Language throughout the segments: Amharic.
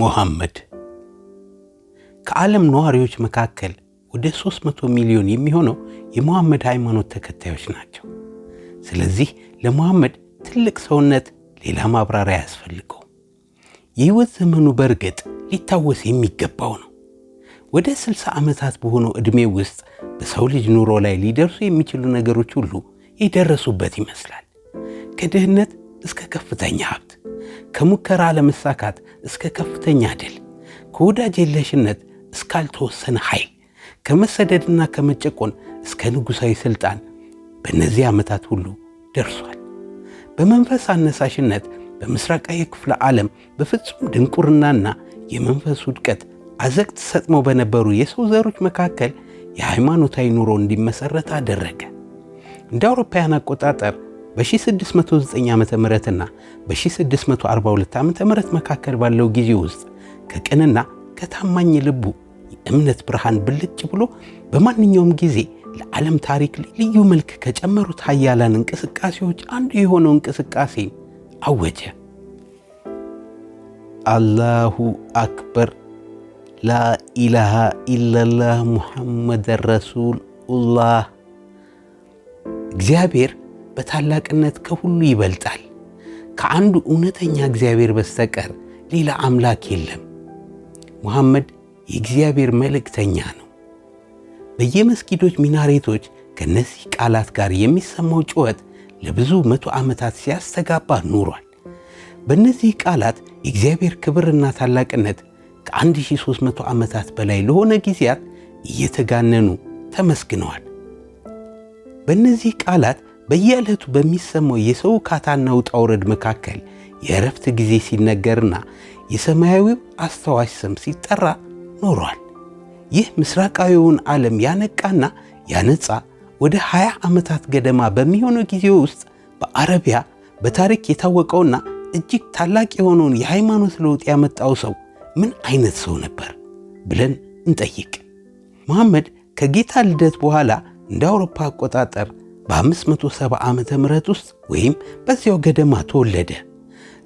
ሙሐመድ ከዓለም ነዋሪዎች መካከል ወደ 300 ሚሊዮን የሚሆነው የሙሐመድ ሃይማኖት ተከታዮች ናቸው። ስለዚህ ለሙሐመድ ትልቅ ሰውነት ሌላ ማብራሪያ ያስፈልገው የሕይወት ዘመኑ በእርግጥ ሊታወስ የሚገባው ነው። ወደ 60 ዓመታት በሆነው ዕድሜ ውስጥ በሰው ልጅ ኑሮ ላይ ሊደርሱ የሚችሉ ነገሮች ሁሉ የደረሱበት ይመስላል። ከድህነት እስከ ከፍተኛ ሀብት ከሙከራ ለመሳካት እስከ ከፍተኛ ድል፣ ከወዳጅ የለሽነት እስካልተወሰነ ኃይል፣ ከመሰደድና ከመጨቆን እስከ ንጉሣዊ ሥልጣን በእነዚህ ዓመታት ሁሉ ደርሷል። በመንፈስ አነሳሽነት በምስራቃዊ ክፍለ ዓለም በፍጹም ድንቁርናና የመንፈስ ውድቀት አዘቅት ሰጥመው በነበሩ የሰው ዘሮች መካከል የሃይማኖታዊ ኑሮ እንዲመሰረት አደረገ። እንደ አውሮፓውያን አቆጣጠር በ1609 ዓ.ም እና በ1642 ዓ.ም መካከል ባለው ጊዜ ውስጥ ከቅንና ከታማኝ ልቡ የእምነት ብርሃን ብልጭ ብሎ በማንኛውም ጊዜ ለዓለም ታሪክ ልዩ መልክ ከጨመሩት ኃያላን እንቅስቃሴዎች አንዱ የሆነው እንቅስቃሴ አወጀ። አላሁ አክበር፣ ላኢላሃ ኢለላህ፣ ሙሐመድ ረሱሉላህ። እግዚአብሔር በታላቅነት ከሁሉ ይበልጣል። ከአንዱ እውነተኛ እግዚአብሔር በስተቀር ሌላ አምላክ የለም። ሙሐመድ የእግዚአብሔር መልእክተኛ ነው። በየመስጊዶች ሚናሬቶች ከነዚህ ቃላት ጋር የሚሰማው ጩኸት ለብዙ መቶ ዓመታት ሲያስተጋባ ኑሯል። በእነዚህ ቃላት የእግዚአብሔር ክብርና ታላቅነት ከ1300 ዓመታት በላይ ለሆነ ጊዜያት እየተጋነኑ ተመስግነዋል። በእነዚህ ቃላት በየዕለቱ በሚሰማው የሰው ካታና ውጣ ውረድ መካከል የእረፍት ጊዜ ሲነገርና የሰማያዊው አስተዋሽ ስም ሲጠራ ኖሯል። ይህ ምስራቃዊውን ዓለም ያነቃና ያነጻ ወደ 20 ዓመታት ገደማ በሚሆነው ጊዜ ውስጥ በአረቢያ በታሪክ የታወቀውና እጅግ ታላቅ የሆነውን የሃይማኖት ለውጥ ያመጣው ሰው ምን አይነት ሰው ነበር ብለን እንጠይቅ። መሐመድ ከጌታ ልደት በኋላ እንደ አውሮፓ አቆጣጠር በ570 ዓመተ ምህረት ውስጥ ወይም በዚያው ገደማ ተወለደ።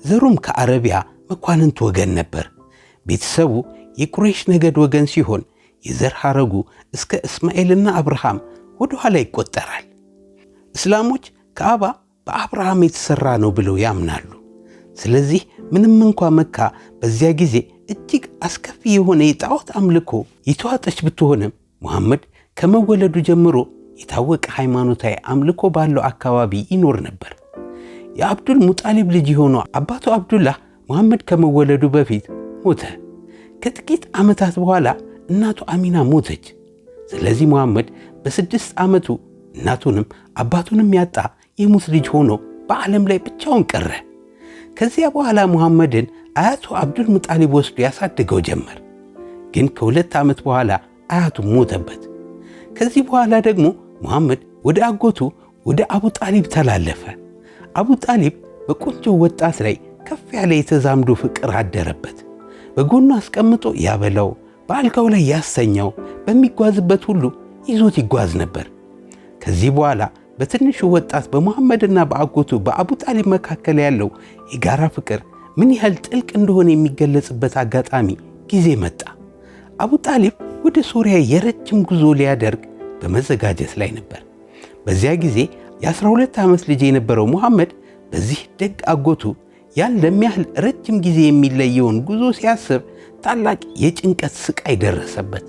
ዘሩም ከአረቢያ መኳንንት ወገን ነበር። ቤተሰቡ የቁሬሽ ነገድ ወገን ሲሆን የዘር ሐረጉ እስከ እስማኤልና አብርሃም ወደ ኋላ ይቆጠራል። እስላሞች ከአባ በአብርሃም የተሠራ ነው ብለው ያምናሉ። ስለዚህ ምንም እንኳ መካ በዚያ ጊዜ እጅግ አስከፊ የሆነ የጣዖት አምልኮ የተዋጠች ብትሆንም ሙሐመድ ከመወለዱ ጀምሮ የታወቀ ሃይማኖታዊ አምልኮ ባለው አካባቢ ይኖር ነበር። የአብዱል ሙጣሊብ ልጅ የሆነው አባቱ አብዱላህ መሐመድ ከመወለዱ በፊት ሞተ። ከጥቂት ዓመታት በኋላ እናቱ አሚና ሞተች። ስለዚህ መሐመድ በስድስት ዓመቱ እናቱንም አባቱንም ያጣ የሙት ልጅ ሆኖ በዓለም ላይ ብቻውን ቀረ። ከዚያ በኋላ መሐመድን አያቱ አብዱል ሙጣሊብ ወስዶ ያሳድገው ጀመር። ግን ከሁለት ዓመት በኋላ አያቱ ሞተበት። ከዚህ በኋላ ደግሞ ሙሐመድ ወደ አጎቱ ወደ አቡ ጣሊብ ተላለፈ። አቡ ጣሊብ በቆንጆ ወጣት ላይ ከፍ ያለ የተዛምዶ ፍቅር አደረበት። በጎኑ አስቀምጦ ያበላው፣ በአልጋው ላይ ያሰኘው፣ በሚጓዝበት ሁሉ ይዞት ይጓዝ ነበር። ከዚህ በኋላ በትንሹ ወጣት በሙሐመድና በአጎቱ በአቡ ጣሊብ መካከል ያለው የጋራ ፍቅር ምን ያህል ጥልቅ እንደሆነ የሚገለጽበት አጋጣሚ ጊዜ መጣ። አቡ ጣሊብ ወደ ሶሪያ የረጅም ጉዞ ሊያደርግ በመዘጋጀት ላይ ነበር። በዚያ ጊዜ የ12 ዓመት ልጅ የነበረው ሙሐመድ በዚህ ደግ አጎቱ ያን ለሚያህል ረጅም ጊዜ የሚለየውን ጉዞ ሲያስብ ታላቅ የጭንቀት ስቃይ ደረሰበት።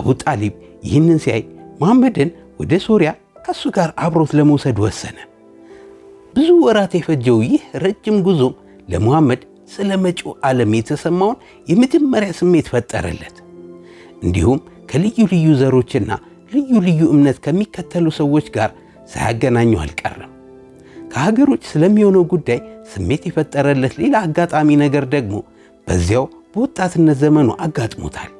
አቡ ጣሊብ ይህንን ሲያይ መሐመድን ወደ ሶሪያ ከእሱ ጋር አብሮት ለመውሰድ ወሰነ። ብዙ ወራት የፈጀው ይህ ረጅም ጉዞም ለመሐመድ ስለ መጪው ዓለም የተሰማውን የመጀመሪያ ስሜት ፈጠረለት። እንዲሁም ከልዩ ልዩ ዘሮችና ልዩ ልዩ እምነት ከሚከተሉ ሰዎች ጋር ሳያገናኙ አልቀርም። ከሀገሮች ስለሚሆነው ጉዳይ ስሜት የፈጠረለት ሌላ አጋጣሚ ነገር ደግሞ በዚያው በወጣትነት ዘመኑ አጋጥሞታል።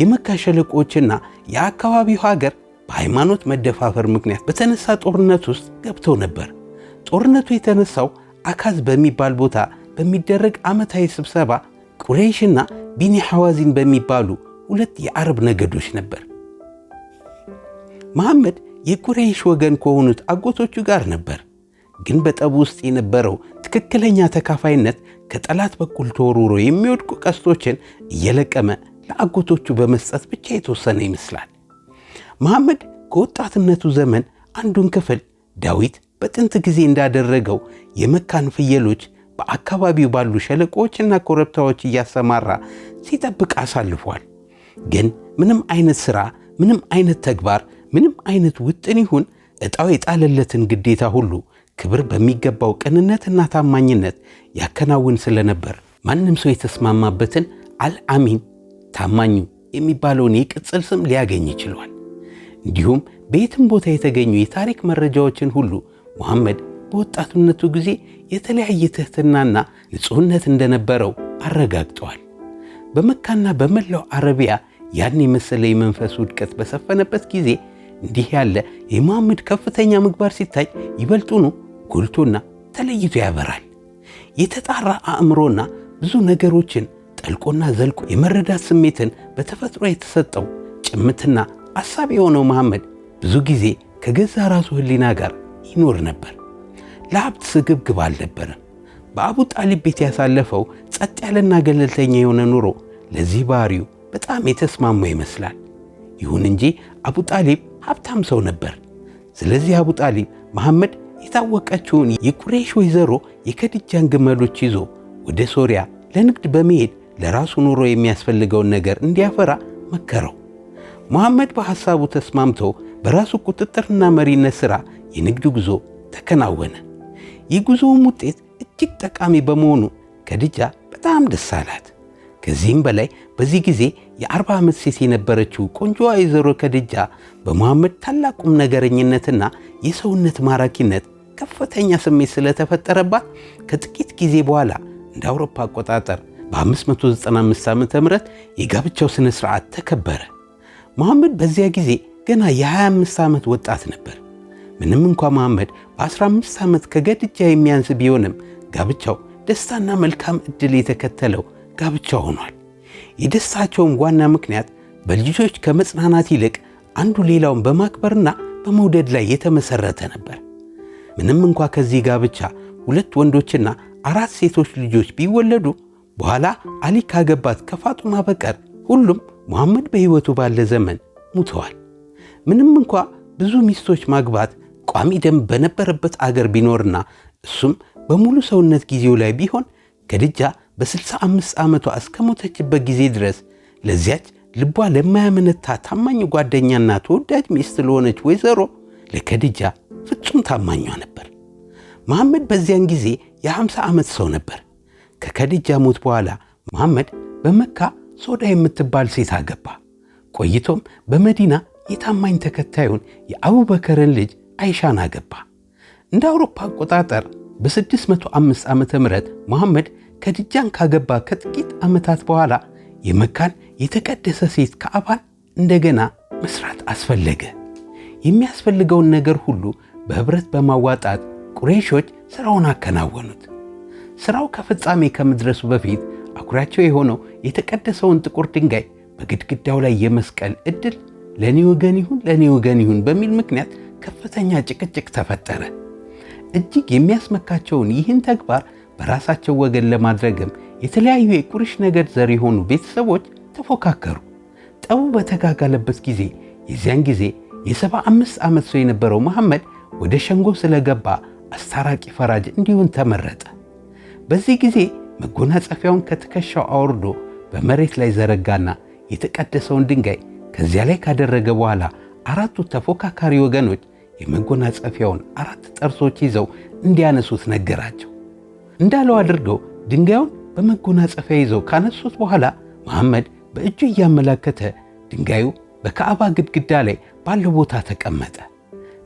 የመካ ሸለቆዎችና የአካባቢው ሀገር በሃይማኖት መደፋፈር ምክንያት በተነሳ ጦርነት ውስጥ ገብተው ነበር። ጦርነቱ የተነሳው አካዝ በሚባል ቦታ በሚደረግ ዓመታዊ ስብሰባ ቁሬሽና ቢኒ ሐዋዚን በሚባሉ ሁለት የአረብ ነገዶች ነበር። መሐመድ የቁረይሽ ወገን ከሆኑት አጎቶቹ ጋር ነበር። ግን በጠብ ውስጥ የነበረው ትክክለኛ ተካፋይነት ከጠላት በኩል ተወርውሮ የሚወድቁ ቀስቶችን እየለቀመ ለአጎቶቹ በመስጠት ብቻ የተወሰነ ይመስላል። መሐመድ ከወጣትነቱ ዘመን አንዱን ክፍል ዳዊት በጥንት ጊዜ እንዳደረገው የመካን ፍየሎች በአካባቢው ባሉ ሸለቆዎችና ኮረብታዎች እያሰማራ ሲጠብቅ አሳልፏል። ግን ምንም አይነት ሥራ፣ ምንም አይነት ተግባር፣ ምንም አይነት ውጥን ይሁን ዕጣው የጣለለትን ግዴታ ሁሉ ክብር በሚገባው ቅንነትና ታማኝነት ያከናውን ስለነበር ማንም ሰው የተስማማበትን አልአሚን ታማኙ የሚባለውን የቅጽል ስም ሊያገኝ ይችሏል። እንዲሁም በየትም ቦታ የተገኙ የታሪክ መረጃዎችን ሁሉ ሙሐመድ በወጣትነቱ ጊዜ የተለያየ ትሕትናና ንጹሕነት እንደነበረው አረጋግጠዋል። በመካና በመላው አረቢያ ያን የመሰለ የመንፈስ ውድቀት በሰፈነበት ጊዜ እንዲህ ያለ የመሐመድ ከፍተኛ ምግባር ሲታይ ይበልጡኑ ጎልቶና ተለይቶ ያበራል። የተጣራ አእምሮና ብዙ ነገሮችን ጠልቆና ዘልቆ የመረዳት ስሜትን በተፈጥሮ የተሰጠው ጭምትና አሳቢ የሆነው መሐመድ ብዙ ጊዜ ከገዛ ራሱ ሕሊና ጋር ይኖር ነበር። ለሀብት ስግብግብ አልነበረም። በአቡ ጣሊብ ቤት ያሳለፈው ጸጥ ያለና ገለልተኛ የሆነ ኑሮ ለዚህ ባህሪው በጣም የተስማሙ ይመስላል። ይሁን እንጂ አቡ ጣሊብ ሀብታም ሰው ነበር። ስለዚህ አቡ ጣሊብ መሐመድ የታወቀችውን የቁሬሽ ወይዘሮ የከድጃን ግመሎች ይዞ ወደ ሶሪያ ለንግድ በመሄድ ለራሱ ኑሮ የሚያስፈልገውን ነገር እንዲያፈራ መከረው። መሐመድ በሐሳቡ ተስማምቶ በራሱ ቁጥጥርና መሪነት ሥራ የንግድ ጉዞ ተከናወነ። የጉዞውም ውጤት እጅግ ጠቃሚ በመሆኑ ከድጃ በጣም ደስ አላት። ከዚህም በላይ በዚህ ጊዜ የአርባ ዓመት ሴት የነበረችው ቆንጆ ወይዘሮ ከድጃ በመሐመድ ታላቅ ቁም ነገረኝነትና የሰውነት ማራኪነት ከፍተኛ ስሜት ስለተፈጠረባት ከጥቂት ጊዜ በኋላ እንደ አውሮፓ አቆጣጠር በ595 ዓ ም የጋብቻው ሥነ ሥርዓት ተከበረ። መሐመድ በዚያ ጊዜ ገና የ25 ዓመት ወጣት ነበር። ምንም እንኳ መሐመድ በ15 ዓመት ከገድጃ የሚያንስ ቢሆንም ጋብቻው ደስታና መልካም እድል የተከተለው ጋብቻ ሆኗል። የደስታቸውም ዋና ምክንያት በልጆች ከመጽናናት ይልቅ አንዱ ሌላውን በማክበርና በመውደድ ላይ የተመሰረተ ነበር። ምንም እንኳ ከዚህ ጋብቻ ሁለት ወንዶችና አራት ሴቶች ልጆች ቢወለዱ በኋላ አሊ ካገባት ከፋጡማ በቀር ሁሉም መሐመድ በሕይወቱ ባለ ዘመን ሙተዋል። ምንም እንኳ ብዙ ሚስቶች ማግባት ቋሚ ደንብ በነበረበት አገር ቢኖርና እሱም በሙሉ ሰውነት ጊዜው ላይ ቢሆን ከድጃ በ65 ዓመቷ አስከሞተችበት ጊዜ ድረስ ለዚያች ልቧ ለማያመነታ ታማኝ ጓደኛና ተወዳጅ ሚስት ለሆነች ወይዘሮ ለከድጃ ፍጹም ታማኟ ነበር። መሐመድ በዚያን ጊዜ የ50 ዓመት ሰው ነበር። ከከድጃ ሞት በኋላ መሐመድ በመካ ሶዳ የምትባል ሴት አገባ። ቆይቶም በመዲና የታማኝ ተከታዩን የአቡበከርን ልጅ አይሻን አገባ። እንደ አውሮፓ አቆጣጠር በ605 ዓመተ ምህረት መሐመድ ከድጃን ካገባ ከጥቂት ዓመታት በኋላ የመካን የተቀደሰ ሴት ካዕባን እንደገና መስራት አስፈለገ። የሚያስፈልገውን ነገር ሁሉ በህብረት በማዋጣት ቁረይሾች ሥራውን አከናወኑት። ሥራው ከፍጻሜ ከመድረሱ በፊት አኩሪያቸው የሆነው የተቀደሰውን ጥቁር ድንጋይ በግድግዳው ላይ የመስቀል ዕድል ለእኔ ወገን ይሁን ለእኔ ወገን ይሁን በሚል ምክንያት ከፍተኛ ጭቅጭቅ ተፈጠረ። እጅግ የሚያስመካቸውን ይህን ተግባር በራሳቸው ወገን ለማድረግም የተለያዩ የቁርሽ ነገድ ዘር የሆኑ ቤተሰቦች ተፎካከሩ። ጠቡ በተጋጋለበት ጊዜ የዚያን ጊዜ የ75 ዓመት ሰው የነበረው መሐመድ ወደ ሸንጎ ስለገባ አስታራቂ ፈራጅ እንዲሁን ተመረጠ። በዚህ ጊዜ መጎናጸፊያውን ከትከሻው አውርዶ በመሬት ላይ ዘረጋና የተቀደሰውን ድንጋይ ከዚያ ላይ ካደረገ በኋላ አራቱ ተፎካካሪ ወገኖች የመጎናጸፊያውን አራት ጠርሶች ይዘው እንዲያነሱት ነገራቸው። እንዳለው አድርገው ድንጋዩን በመጎናጸፊያ ይዘው ካነሱት በኋላ መሐመድ በእጁ እያመላከተ ድንጋዩ በካዕባ ግድግዳ ላይ ባለው ቦታ ተቀመጠ።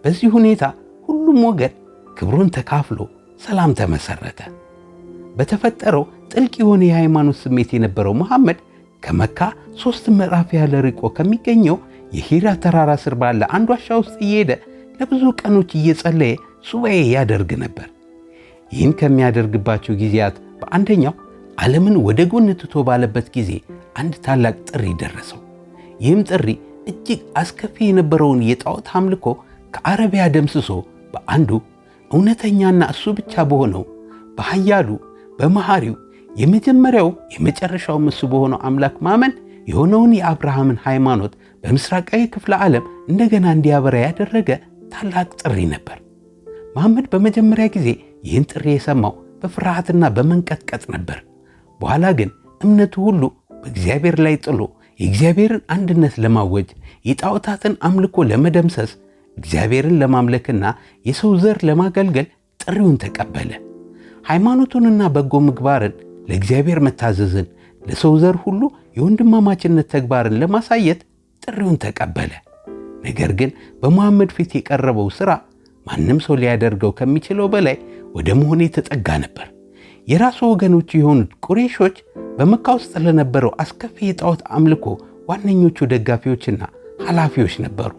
በዚህ ሁኔታ ሁሉም ወገን ክብሩን ተካፍሎ ሰላም ተመሰረተ። በተፈጠረው ጥልቅ የሆነ የሃይማኖት ስሜት የነበረው መሐመድ ከመካ ሦስት ምዕራፍ ያለ ርቆ ከሚገኘው የሂራ ተራራ ስር ባለ አንድ ዋሻ ውስጥ እየሄደ ለብዙ ቀኖች እየጸለየ ሱባኤ ያደርግ ነበር። ይህን ከሚያደርግባቸው ጊዜያት በአንደኛው ዓለምን ወደ ጎን ትቶ ባለበት ጊዜ አንድ ታላቅ ጥሪ ደረሰው። ይህም ጥሪ እጅግ አስከፊ የነበረውን የጣዖት አምልኮ ከአረቢያ ደምስሶ በአንዱ እውነተኛና እሱ ብቻ በሆነው በኃያሉ በመሐሪው የመጀመሪያው የመጨረሻው እሱ በሆነው አምላክ ማመን የሆነውን የአብርሃምን ሃይማኖት በምስራቃዊ ክፍለ ዓለም እንደገና እንዲያበራ ያደረገ ታላቅ ጥሪ ነበር። መሐመድ በመጀመሪያ ጊዜ ይህን ጥሪ የሰማው በፍርሃትና በመንቀጥቀጥ ነበር። በኋላ ግን እምነቱ ሁሉ በእግዚአብሔር ላይ ጥሎ የእግዚአብሔርን አንድነት ለማወጅ የጣዖታትን አምልኮ ለመደምሰስ እግዚአብሔርን ለማምለክና የሰው ዘር ለማገልገል ጥሪውን ተቀበለ። ሃይማኖቱንና በጎ ምግባርን፣ ለእግዚአብሔር መታዘዝን፣ ለሰው ዘር ሁሉ የወንድማማችነት ተግባርን ለማሳየት ጥሪውን ተቀበለ። ነገር ግን በሙሐመድ ፊት የቀረበው ሥራ ማንም ሰው ሊያደርገው ከሚችለው በላይ ወደ መሆን የተጠጋ ነበር። የራሱ ወገኖቹ የሆኑት ቁሬሾች በመካ ውስጥ ለነበረው አስከፊ የጣዖት አምልኮ ዋነኞቹ ደጋፊዎችና ኃላፊዎች ነበሩ።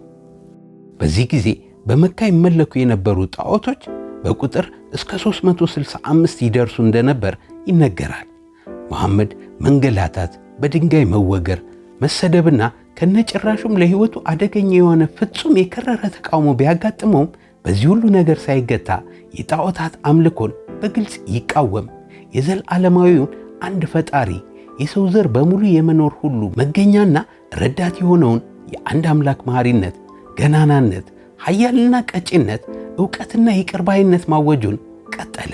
በዚህ ጊዜ በመካ ይመለኩ የነበሩ ጣዖቶች በቁጥር እስከ 365 ይደርሱ እንደነበር ይነገራል። መሐመድ መንገላታት፣ በድንጋይ መወገር መሰደብና ከነጭራሹም ለሕይወቱ አደገኛ የሆነ ፍጹም የከረረ ተቃውሞ ቢያጋጥመውም በዚህ ሁሉ ነገር ሳይገታ የጣዖታት አምልኮን በግልጽ ይቃወም የዘላለማዊውን አንድ ፈጣሪ የሰው ዘር በሙሉ የመኖር ሁሉ መገኛና ረዳት የሆነውን የአንድ አምላክ መሐሪነት፣ ገናናነት፣ ኃያልና ቀጭነት ዕውቀትና የቅርባይነት ማወጁን ቀጠለ።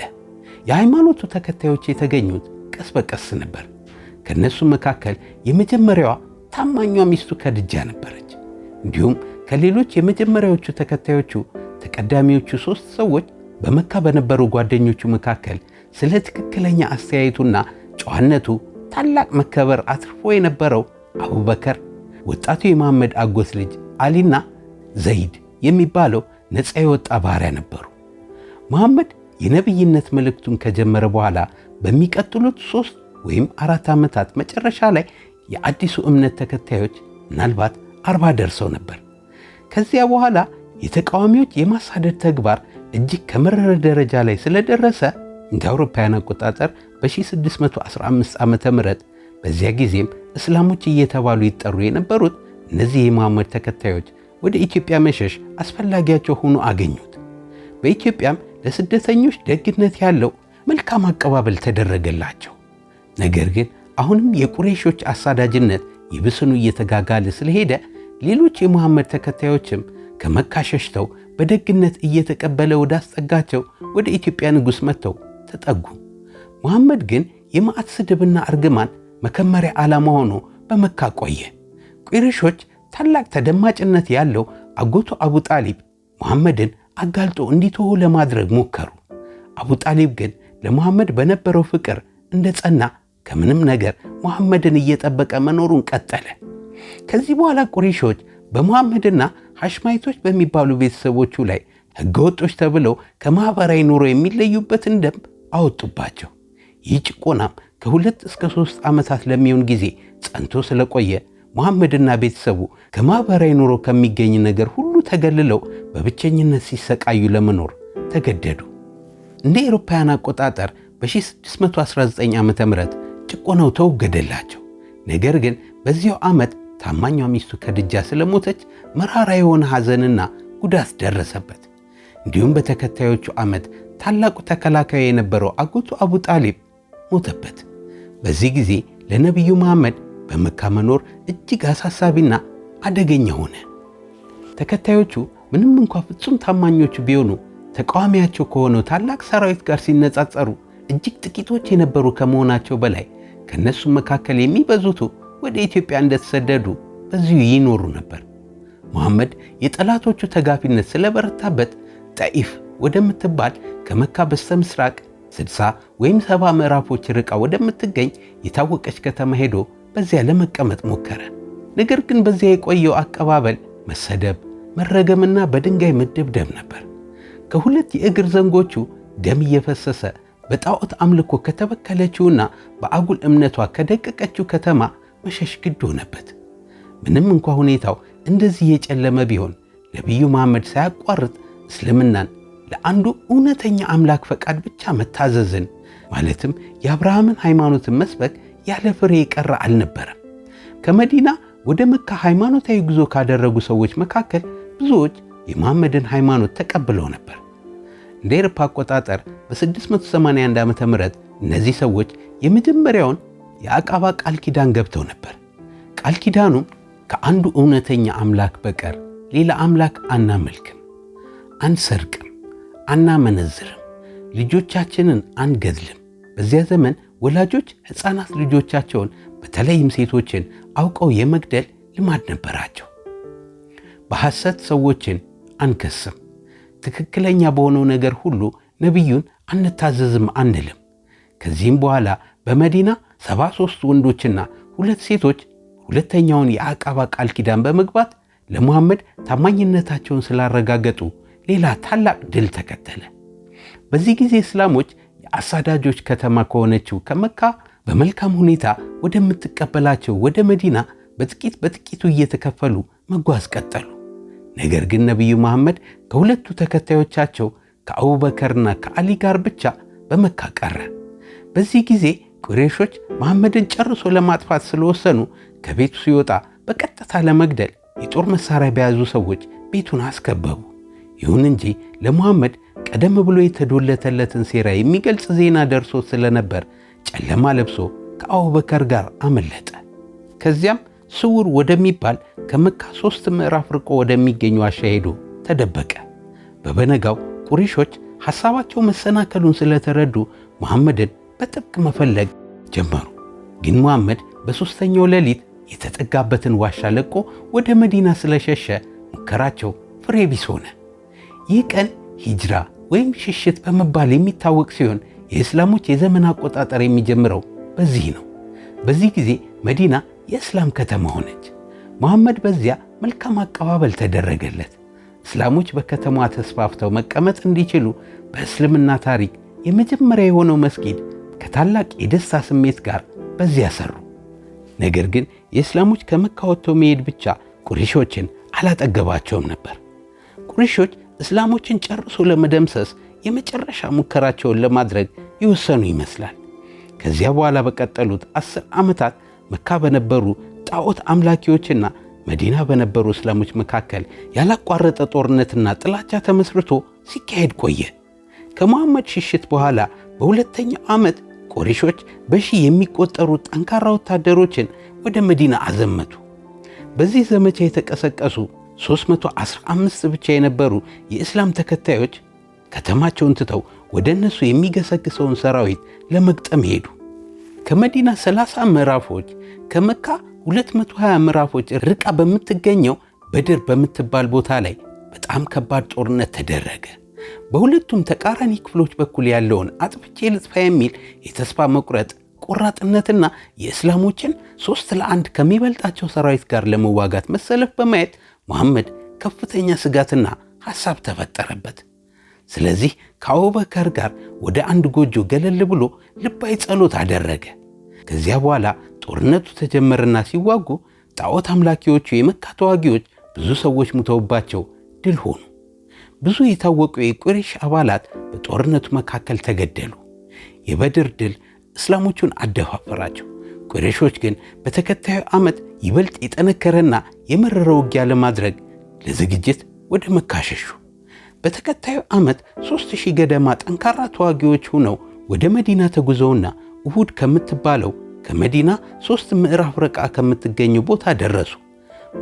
የሃይማኖቱ ተከታዮች የተገኙት ቀስ በቀስ ነበር። ከእነሱ መካከል የመጀመሪያዋ ታማኟ ሚስቱ ከድጃ ነበረች። እንዲሁም ከሌሎች የመጀመሪያዎቹ ተከታዮቹ ተቀዳሚዎቹ ሦስት ሰዎች በመካ በነበሩ ጓደኞቹ መካከል ስለ ትክክለኛ አስተያየቱና ጨዋነቱ ታላቅ መከበር አትርፎ የነበረው አቡበከር፣ ወጣቱ የመሐመድ አጎት ልጅ አሊና ዘይድ የሚባለው ነፃ የወጣ ባሪያ ነበሩ። መሐመድ የነቢይነት መልእክቱን ከጀመረ በኋላ በሚቀጥሉት ሦስት ወይም አራት ዓመታት መጨረሻ ላይ የአዲሱ እምነት ተከታዮች ምናልባት አርባ ደርሰው ነበር። ከዚያ በኋላ የተቃዋሚዎች የማሳደድ ተግባር እጅግ ከመረረ ደረጃ ላይ ስለደረሰ እንደ አውሮፓውያን አቆጣጠር በ1615 ዓ ም በዚያ ጊዜም እስላሞች እየተባሉ ይጠሩ የነበሩት እነዚህ የመሐመድ ተከታዮች ወደ ኢትዮጵያ መሸሽ አስፈላጊያቸው ሆኖ አገኙት። በኢትዮጵያም ለስደተኞች ደግነት ያለው መልካም አቀባበል ተደረገላቸው። ነገር ግን አሁንም የቁሬሾች አሳዳጅነት ይብስኑ እየተጋጋለ ስለሄደ ሌሎች የሙሐመድ ተከታዮችም ከመካ ሸሽተው በደግነት እየተቀበለ ወዳስጠጋቸው ወደ ኢትዮጵያ ንጉሥ መጥተው ተጠጉ። ሙሐመድ ግን የማዕት ስድብና እርግማን መከመሪያ ዓላማ ሆኖ በመካ ቆየ። ቁሬሾች ታላቅ ተደማጭነት ያለው አጎቱ አቡ ጣሊብ ሙሐመድን አጋልጦ እንዲትሆ ለማድረግ ሞከሩ። አቡ ጣሊብ ግን ለሙሐመድ በነበረው ፍቅር እንደ ጸና ከምንም ነገር መሐመድን እየጠበቀ መኖሩን ቀጠለ። ከዚህ በኋላ ቁሪሾች በመሐመድና ሐሽማይቶች በሚባሉ ቤተሰቦቹ ላይ ህገወጦች ተብለው ከማኅበራዊ ኑሮ የሚለዩበትን ደንብ አወጡባቸው። ይህ ጭቆናም ከሁለት እስከ ሦስት ዓመታት ለሚሆን ጊዜ ጸንቶ ስለቆየ መሐመድና ቤተሰቡ ከማኅበራዊ ኑሮ ከሚገኝ ነገር ሁሉ ተገልለው በብቸኝነት ሲሰቃዩ ለመኖር ተገደዱ። እንደ አውሮፓውያን አቆጣጠር በ1619 ዓ ም ጭቆናው ተወገደላቸው። ነገር ግን በዚያው ዓመት ታማኛው ሚስቱ ከድጃ ስለሞተች መራራ የሆነ ሐዘንና ጉዳት ደረሰበት። እንዲሁም በተከታዮቹ ዓመት ታላቁ ተከላካይ የነበረው አጎቱ አቡ ጣሊብ ሞተበት። በዚህ ጊዜ ለነቢዩ መሐመድ በመካ መኖር እጅግ አሳሳቢና አደገኛ ሆነ። ተከታዮቹ ምንም እንኳ ፍጹም ታማኞቹ ቢሆኑ ተቃዋሚያቸው ከሆነው ታላቅ ሰራዊት ጋር ሲነጻጸሩ እጅግ ጥቂቶች የነበሩ ከመሆናቸው በላይ ከእነሱም መካከል የሚበዙቱ ወደ ኢትዮጵያ እንደተሰደዱ በዚሁ ይኖሩ ነበር። መሐመድ የጠላቶቹ ተጋፊነት ስለበረታበት ጠኢፍ ወደምትባል ከመካ በስተ ምስራቅ 60 ወይም 70 ምዕራፎች ርቃ ወደምትገኝ የታወቀች ከተማ ሄዶ በዚያ ለመቀመጥ ሞከረ። ነገር ግን በዚያ የቆየው አቀባበል መሰደብ፣ መረገምና በድንጋይ መደብደብ ነበር። ከሁለት የእግር ዘንጎቹ ደም እየፈሰሰ በጣዖት አምልኮ ከተበከለችውና በአጉል እምነቷ ከደቀቀችው ከተማ መሸሽ ግድ ሆነበት። ምንም እንኳ ሁኔታው እንደዚህ የጨለመ ቢሆን ነቢዩ መሐመድ ሳያቋርጥ እስልምናን ለአንዱ እውነተኛ አምላክ ፈቃድ ብቻ መታዘዝን ማለትም የአብርሃምን ሃይማኖትን መስበክ ያለ ፍሬ የቀረ አልነበረም። ከመዲና ወደ መካ ሃይማኖታዊ ጉዞ ካደረጉ ሰዎች መካከል ብዙዎች የመሐመድን ሃይማኖት ተቀብለው ነበር። እንደ ኤሮፓ አቆጣጠር በ681 ዓ ም እነዚህ ሰዎች የመጀመሪያውን የአቃባ ቃል ኪዳን ገብተው ነበር። ቃል ኪዳኑም ከአንዱ እውነተኛ አምላክ በቀር ሌላ አምላክ አናመልክም፣ አንሰርቅም፣ አናመነዝርም፣ ልጆቻችንን አንገድልም። በዚያ ዘመን ወላጆች ሕፃናት ልጆቻቸውን በተለይም ሴቶችን አውቀው የመግደል ልማድ ነበራቸው። በሐሰት ሰዎችን አንከስም ትክክለኛ በሆነው ነገር ሁሉ ነቢዩን አንታዘዝም አንልም። ከዚህም በኋላ በመዲና ሰባ ሦስት ወንዶችና ሁለት ሴቶች ሁለተኛውን የአቃባ ቃል ኪዳን በመግባት ለሙሐመድ ታማኝነታቸውን ስላረጋገጡ ሌላ ታላቅ ድል ተከተለ። በዚህ ጊዜ እስላሞች የአሳዳጆች ከተማ ከሆነችው ከመካ በመልካም ሁኔታ ወደምትቀበላቸው ወደ መዲና በጥቂት በጥቂቱ እየተከፈሉ መጓዝ ቀጠሉ። ነገር ግን ነቢዩ መሐመድ ከሁለቱ ተከታዮቻቸው ከአቡበከርና ከአሊ ጋር ብቻ በመካ ቀረ። በዚህ ጊዜ ቁሬሾች መሐመድን ጨርሶ ለማጥፋት ስለወሰኑ ከቤቱ ሲወጣ በቀጥታ ለመግደል የጦር መሳሪያ በያዙ ሰዎች ቤቱን አስከበቡ። ይሁን እንጂ ለመሐመድ ቀደም ብሎ የተዶለተለትን ሴራ የሚገልጽ ዜና ደርሶ ስለነበር ጨለማ ለብሶ ከአቡበከር ጋር አመለጠ። ከዚያም ስውር ወደሚባል ከምካ ሦስት ምዕራፍ ርቆ ወደሚገኝ ዋሻ ሄዶ ተደበቀ። በበነጋው ቁሪሾች ሐሳባቸው መሰናከሉን ስለተረዱ መሐመድን በጥብቅ መፈለግ ጀመሩ። ግን መሐመድ በሦስተኛው ሌሊት የተጠጋበትን ዋሻ ለቆ ወደ መዲና ስለሸሸ ሙከራቸው ፍሬ ቢስ ሆነ። ይህ ቀን ሂጅራ ወይም ሽሽት በመባል የሚታወቅ ሲሆን የእስላሞች የዘመን አቆጣጠር የሚጀምረው በዚህ ነው። በዚህ ጊዜ መዲና የእስላም ከተማ ሆነች። መሐመድ በዚያ መልካም አቀባበል ተደረገለት። እስላሞች በከተማዋ ተስፋፍተው መቀመጥ እንዲችሉ በእስልምና ታሪክ የመጀመሪያ የሆነው መስጊድ ከታላቅ የደስታ ስሜት ጋር በዚያ ሰሩ። ነገር ግን የእስላሞች ከመካ ወጥቶ መሄድ ብቻ ቁሪሾችን አላጠገባቸውም ነበር። ቁሪሾች እስላሞችን ጨርሶ ለመደምሰስ የመጨረሻ ሙከራቸውን ለማድረግ የወሰኑ ይመስላል። ከዚያ በኋላ በቀጠሉት አስር ዓመታት መካ በነበሩ ጣዖት አምላኪዎችና መዲና በነበሩ እስላሞች መካከል ያላቋረጠ ጦርነትና ጥላቻ ተመስርቶ ሲካሄድ ቆየ። ከሙሐመድ ሽሽት በኋላ በሁለተኛው ዓመት ቆሪሾች በሺ የሚቆጠሩ ጠንካራ ወታደሮችን ወደ መዲና አዘመቱ። በዚህ ዘመቻ የተቀሰቀሱ 315 ብቻ የነበሩ የእስላም ተከታዮች ከተማቸውን ትተው ወደ እነሱ የሚገሰግሰውን ሰራዊት ለመግጠም ሄዱ። ከመዲና 30 ምዕራፎች ከመካ 220 ምዕራፎች ርቃ በምትገኘው በድር በምትባል ቦታ ላይ በጣም ከባድ ጦርነት ተደረገ። በሁለቱም ተቃራኒ ክፍሎች በኩል ያለውን አጥፍቼ ልጥፋ የሚል የተስፋ መቁረጥ ቆራጥነትና የእስላሞችን ሶስት ለአንድ ከሚበልጣቸው ሰራዊት ጋር ለመዋጋት መሰለፍ በማየት መሐመድ ከፍተኛ ስጋትና ሐሳብ ተፈጠረበት። ስለዚህ ከአቡበከር ጋር ወደ አንድ ጎጆ ገለል ብሎ ልባይ ጸሎት አደረገ። ከዚያ በኋላ ጦርነቱ ተጀመረና ሲዋጉ ጣዖት አምላኪዎቹ የመካ ተዋጊዎች ብዙ ሰዎች ሙተውባቸው ድል ሆኑ። ብዙ የታወቁ የቁሬሽ አባላት በጦርነቱ መካከል ተገደሉ። የበድር ድል እስላሞቹን አደፋፈራቸው። ቁሬሾች ግን በተከታዩ ዓመት ይበልጥ የጠነከረና የመረረ ውጊያ ለማድረግ ለዝግጅት ወደ መካ ሸሹ። በተከታዩ ዓመት ሦስት ሺህ ገደማ ጠንካራ ተዋጊዎች ሆነው ወደ መዲና ተጉዘውና እሁድ ከምትባለው ከመዲና ሦስት ምዕራፍ ርቃ ከምትገኝ ቦታ ደረሱ።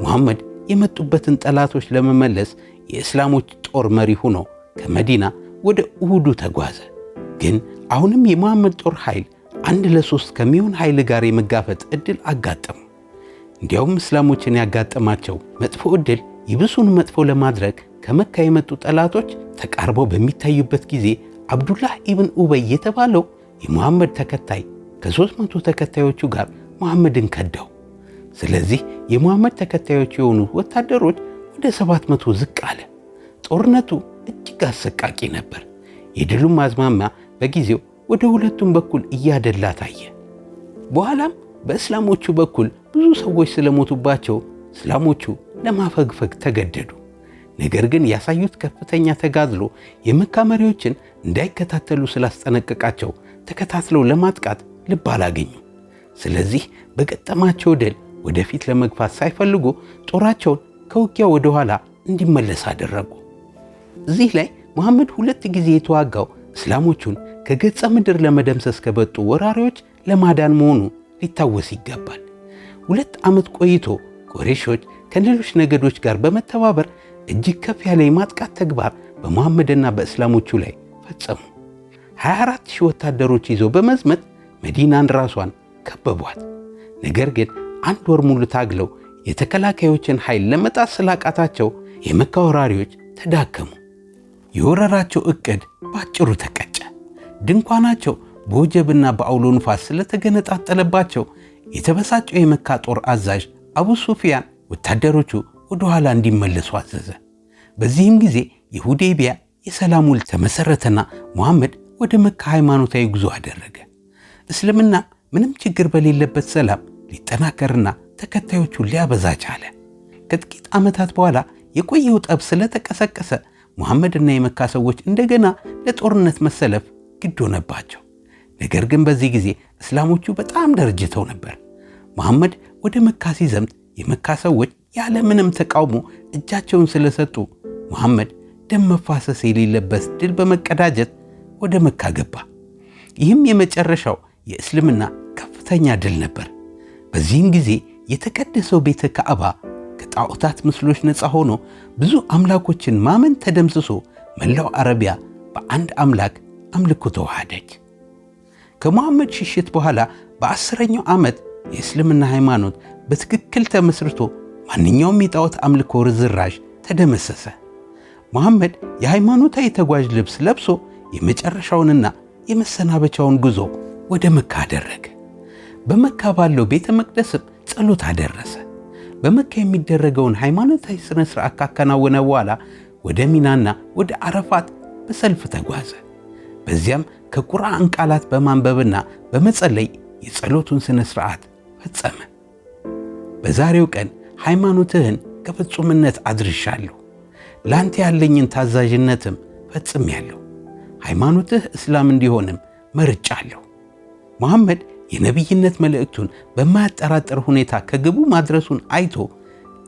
ሙሐመድ የመጡበትን ጠላቶች ለመመለስ የእስላሞች ጦር መሪ ሆኖ ከመዲና ወደ እሁዱ ተጓዘ። ግን አሁንም የመሐመድ ጦር ኃይል አንድ ለሶስት ከሚሆን ኃይል ጋር የመጋፈጥ ዕድል አጋጠሙ። እንዲያውም እስላሞችን ያጋጠማቸው መጥፎ ዕድል ይብሱን መጥፎ ለማድረግ ከመካ የመጡ ጠላቶች ተቃርበው በሚታዩበት ጊዜ አብዱላህ ኢብን ኡበይ የተባለው የሙሐመድ ተከታይ ከሦስት መቶ ተከታዮቹ ጋር ሙሐመድን ከዳው። ስለዚህ የሙሐመድ ተከታዮች የሆኑ ወታደሮች ወደ ሰባት መቶ ዝቅ አለ። ጦርነቱ እጅግ አሰቃቂ ነበር። የድሉም አዝማሚያ በጊዜው ወደ ሁለቱም በኩል እያደላ ታየ። በኋላም በእስላሞቹ በኩል ብዙ ሰዎች ስለሞቱባቸው እስላሞቹ ለማፈግፈግ ተገደዱ። ነገር ግን ያሳዩት ከፍተኛ ተጋድሎ የመካ መሪዎችን እንዳይከታተሉ ስላስጠነቀቃቸው ተከታትለው ለማጥቃት ልብ አላገኙ። ስለዚህ በገጠማቸው ድል ወደፊት ለመግፋት ሳይፈልጉ ጦራቸውን ከውጊያ ወደ ኋላ እንዲመለስ አደረጉ። እዚህ ላይ መሐመድ ሁለት ጊዜ የተዋጋው እስላሞቹን ከገጸ ምድር ለመደምሰስ ከበጡ ወራሪዎች ለማዳን መሆኑ ሊታወስ ይገባል። ሁለት ዓመት ቆይቶ ቁረይሾች ከሌሎች ነገዶች ጋር በመተባበር እጅግ ከፍ ያለ የማጥቃት ተግባር በመሐመድና በእስላሞቹ ላይ ፈጸሙ። 24 ሺህ ወታደሮች ይዘው በመዝመት መዲናን ራሷን ከበቧት። ነገር ግን አንድ ወር ሙሉ ታግለው የተከላካዮችን ኃይል ለመጣት ስላቃታቸው የመካ ወራሪዎች ተዳከሙ። የወረራቸው ዕቅድ በአጭሩ ተቀጨ። ድንኳናቸው በወጀብና በአውሎ ንፋስ ስለተገነጣጠለባቸው የተበሳጨው የመካ ጦር አዛዥ አቡ ሱፊያን ወታደሮቹ ወደ ኋላ እንዲመለሱ አዘዘ። በዚህም ጊዜ የሁዴቢያ የሰላም ውል ተመሰረተና ሙሐመድ ወደ መካ ሃይማኖታዊ ጉዞ አደረገ። እስልምና ምንም ችግር በሌለበት ሰላም ሊጠናከርና ተከታዮቹን ሊያበዛ ቻለ። ከጥቂት ዓመታት በኋላ የቆየው ጠብ ስለተቀሰቀሰ ሙሐመድና የመካ ሰዎች እንደገና ለጦርነት መሰለፍ ግድ ሆነባቸው። ነገር ግን በዚህ ጊዜ እስላሞቹ በጣም ደረጅተው ነበር። መሐመድ ወደ መካ ሲዘምት የመካ ሰዎች ያለምንም ተቃውሞ እጃቸውን ስለሰጡ መሐመድ ደም መፋሰስ የሌለበት ድል በመቀዳጀት ወደ መካ ገባ። ይህም የመጨረሻው የእስልምና ከፍተኛ ድል ነበር። በዚህም ጊዜ የተቀደሰው ቤተ ካዕባ ከጣዖታት ምስሎች ነፃ ሆኖ ብዙ አምላኮችን ማመን ተደምስሶ መላው አረቢያ በአንድ አምላክ አምልኮ ተዋሃደች። ከሙሐመድ ሽሽት በኋላ በአስረኛው ዓመት የእስልምና ሃይማኖት በትክክል ተመስርቶ ማንኛውም የጣዖት አምልኮ ርዝራዥ ተደመሰሰ። መሐመድ የሃይማኖታዊ ተጓዥ ልብስ ለብሶ የመጨረሻውንና የመሰናበቻውን ጉዞ ወደ መካ አደረገ። በመካ ባለው ቤተ መቅደስም ጸሎት አደረሰ። በመካ የሚደረገውን ሃይማኖታዊ ሥነ ሥርዓት ካከናወነ በኋላ ወደ ሚናና ወደ አረፋት በሰልፍ ተጓዘ። በዚያም ከቁርአን ቃላት በማንበብና በመጸለይ የጸሎቱን ሥነ ሥርዓት ፈጸመ። በዛሬው ቀን ሃይማኖትህን ከፍጹምነት አድርሻለሁ፣ ላንተ ያለኝን ታዛዥነትም ፈጽሜያለሁ። ሃይማኖትህ እስላም እንዲሆንም መርጫለሁ። መሐመድ የነቢይነት መልእክቱን በማያጠራጥር ሁኔታ ከግቡ ማድረሱን አይቶ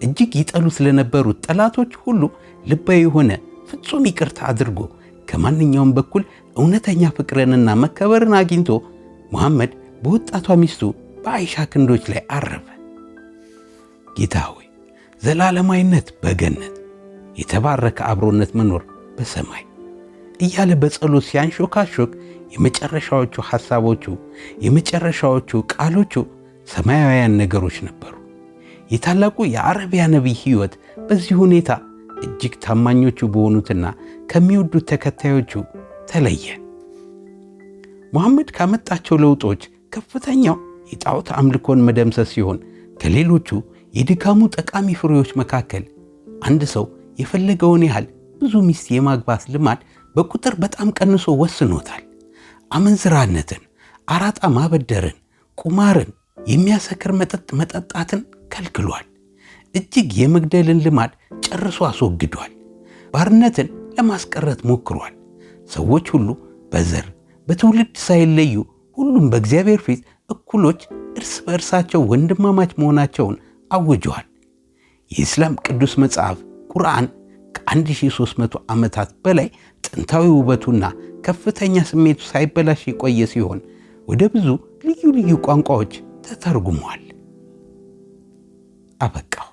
እጅግ ይጠሉ ስለነበሩት ጠላቶች ሁሉ ልባዊ የሆነ ፍጹም ይቅርታ አድርጎ ከማንኛውም በኩል እውነተኛ ፍቅርንና መከበርን አግኝቶ መሐመድ በወጣቷ ሚስቱ በአይሻ ክንዶች ላይ አረፈ። ጌታ ሆይ ዘላለማዊነት በገነት የተባረከ አብሮነት መኖር በሰማይ እያለ በጸሎት ሲያንሾካሾክ የመጨረሻዎቹ ሐሳቦቹ የመጨረሻዎቹ ቃሎቹ ሰማያውያን ነገሮች ነበሩ። የታላቁ የአረቢያ ነቢይ ሕይወት በዚህ ሁኔታ እጅግ ታማኞቹ በሆኑትና ከሚወዱት ተከታዮቹ ተለየ። ሙሐመድ ካመጣቸው ለውጦች ከፍተኛው የጣዖት አምልኮን መደምሰስ ሲሆን ከሌሎቹ የድካሙ ጠቃሚ ፍሬዎች መካከል አንድ ሰው የፈለገውን ያህል ብዙ ሚስት የማግባት ልማድ በቁጥር በጣም ቀንሶ ወስኖታል። አመንዝራነትን፣ አራጣ ማበደርን፣ ቁማርን፣ የሚያሰክር መጠጥ መጠጣትን ከልክሏል። እጅግ የመግደልን ልማድ ጨርሶ አስወግዷል። ባርነትን ለማስቀረት ሞክሯል። ሰዎች ሁሉ በዘር በትውልድ ሳይለዩ ሁሉም በእግዚአብሔር ፊት እኩሎች እርስ በእርሳቸው ወንድማማች መሆናቸውን አውጇል። የእስላም ቅዱስ መጽሐፍ ቁርአን ከ1300 ዓመታት በላይ ጥንታዊ ውበቱና ከፍተኛ ስሜቱ ሳይበላሽ የቆየ ሲሆን ወደ ብዙ ልዩ ልዩ ቋንቋዎች ተተርጉሟል። አበቃው።